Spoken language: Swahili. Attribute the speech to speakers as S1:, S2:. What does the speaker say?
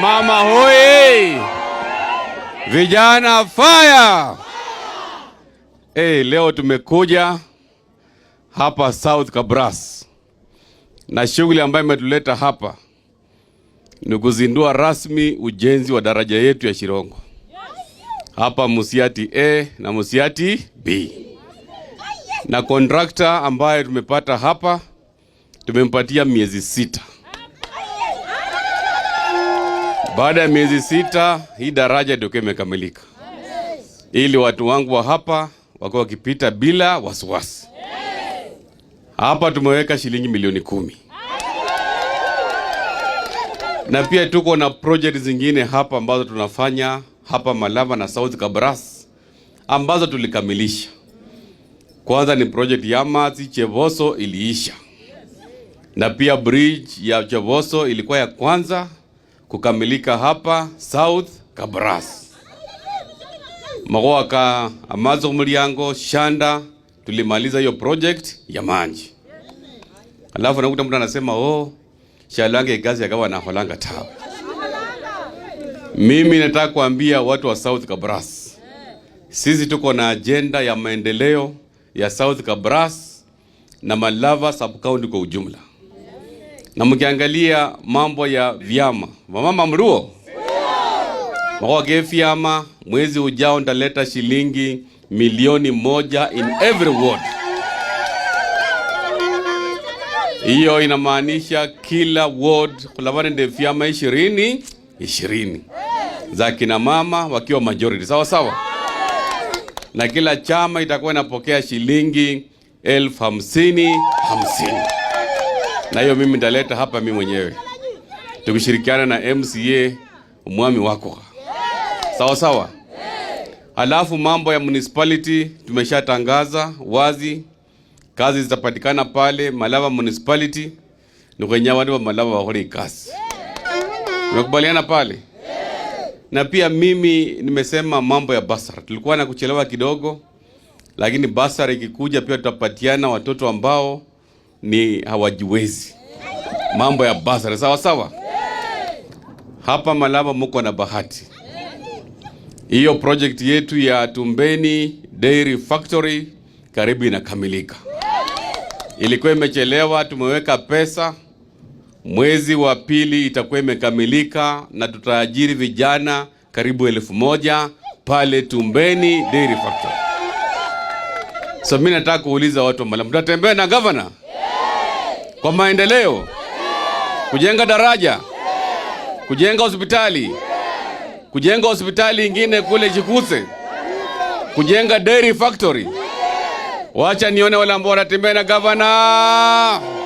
S1: Mama hui Vijana faya! Hey, leo tumekuja hapa South Kabras na shughuli ambayo imetuleta hapa ni kuzindua rasmi ujenzi wa daraja yetu ya Shirongo hapa Musiati A na Musiati B, na kontrakta ambaye tumepata hapa tumempatia miezi sita. Baada ya miezi sita hii daraja ndio imekamilika, ili watu wangu wa hapa wako wakipita bila wasiwasi. Hapa tumeweka shilingi milioni kumi na pia tuko na project zingine hapa ambazo tunafanya hapa Malava na South Kabras ambazo tulikamilisha. Kwanza ni project ya Mazi Chevoso iliisha, na pia bridge ya Chevoso ilikuwa ya kwanza kukamilika hapa South Kabras magoaka amazo mliango shanda tulimaliza hiyo project ya manji. Alafu nakuta mtu anasema oh, shalange gazi akawa na holanga tabu. Mimi nataka kuambia watu wa South Kabras, sisi tuko na agenda ya maendeleo ya South Kabras na Malava sub county kwa ujumla na mkiangalia mambo ya vyama mama mruo magoge vyama, mwezi ujao ndaleta shilingi milioni moja in every ward. Hiyo inamaanisha kila ward kulabana nde vyama ishirini ishirini za kina mama wakiwa majority sawa sawa, na kila chama itakuwa inapokea shilingi elfu hamsini hamsini na hiyo mimi ndaleta hapa mimi mwenyewe, tukishirikiana na MCA mwami wako sawa sawa. Alafu mambo ya municipality tumeshatangaza wazi, kazi zitapatikana pale Malava municipality, ni kwenye watu wa Malava wahore kazi, tumekubaliana pale. Na pia mimi nimesema mambo ya basara, tulikuwa na kuchelewa kidogo, lakini basara ikikuja pia tutapatiana watoto ambao ni hawajiwezi, mambo ya basari. Sawa sawa, hapa Malava muko na bahati hiyo. Project yetu ya Tumbeni Dairy Factory karibu inakamilika, ilikuwa imechelewa, tumeweka pesa mwezi wa pili itakuwa imekamilika na tutaajiri vijana karibu elfu moja pale Tumbeni Dairy Factory. So mimi nataka kuuliza watu wa Malava, mtatembea na governor kwa maendeleo, kujenga daraja, kujenga hospitali, kujenga hospitali ingine kule Chikuse, kujenga dairy factory. Wacha nione wale ambao wanatembea na gavana.